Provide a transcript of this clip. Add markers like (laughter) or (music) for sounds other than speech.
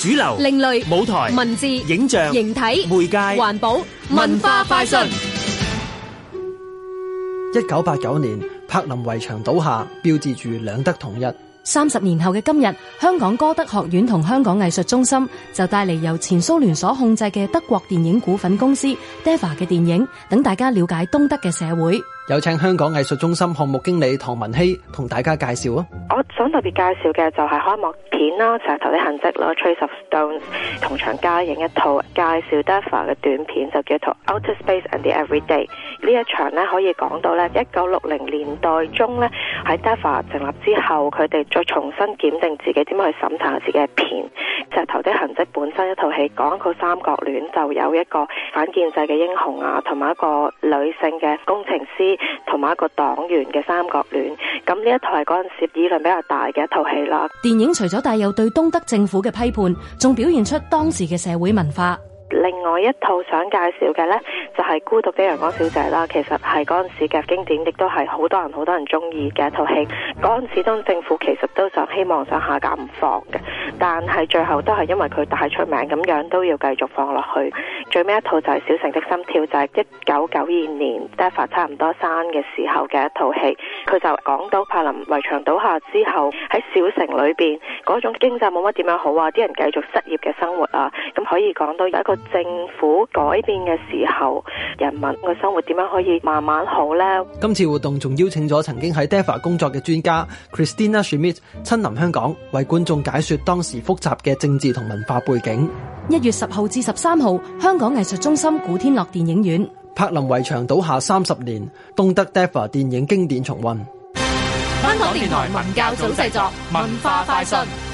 主流、另類、舞台、文字、影像、形體、媒介、環保、文化快訊。一九八九年柏林圍牆倒下，標誌住兩德統一。三十年後嘅今日，香港歌德學院同香港藝術中心就帶嚟由前蘇聯所控制嘅德國電影股份公司 Deva 嘅電影，等大家了解東德嘅社會。有請香港藝術中心項目經理唐文希同大家介紹啊！我想特別介紹嘅就係開幕片啦，成日頭啲痕跡咯，Trace of Stones 同場加映一套介紹 DEFA 嘅短片，就叫做《Outer Space and the Everyday》。呢一場咧可以講到咧一九六零年代中咧喺 DEFA 成立之後，佢哋再重新檢定自己點樣去審查自己嘅片。即本身一套戲講一個三角戀，就有一個反建制嘅英雄啊，同埋一個女性嘅工程師，同埋一個黨員嘅三角戀。咁呢一套係嗰陣時議論比較大嘅一套戲啦。電影除咗帶有對東德政府嘅批判，仲表現出當時嘅社會文化。另外一套想介紹嘅呢，就係、是《孤獨的陽光小姐》啦。其實係嗰陣時嘅經典，亦都係好多人好多人中意嘅一套戲。嗰陣時當時政府其實都想希望想下架唔放嘅，但係最後都係因為佢太出名，咁樣都要繼續放落去。最尾一套就係、是《小城的心跳》，就係一九九二年 Deva (music) 差唔多生嘅時候嘅一套戲。佢就講到柏林圍牆倒下之後，喺小城裏邊嗰種經濟冇乜點樣好啊，啲人繼續失業嘅生活啊，咁可以講到有一個。政府改變嘅時候，人民嘅生活點樣可以慢慢好呢？今次活動仲邀請咗曾經喺 DEFA 工作嘅專家 Christina Schmidt 親臨香港，為觀眾解說當時複雜嘅政治同文化背景。一月十號至十三號，香港藝術中心古天樂電影院。柏林圍牆倒下三十年，東德 DEFA 電影經典重溫。香港電台文教組製作文化快訊。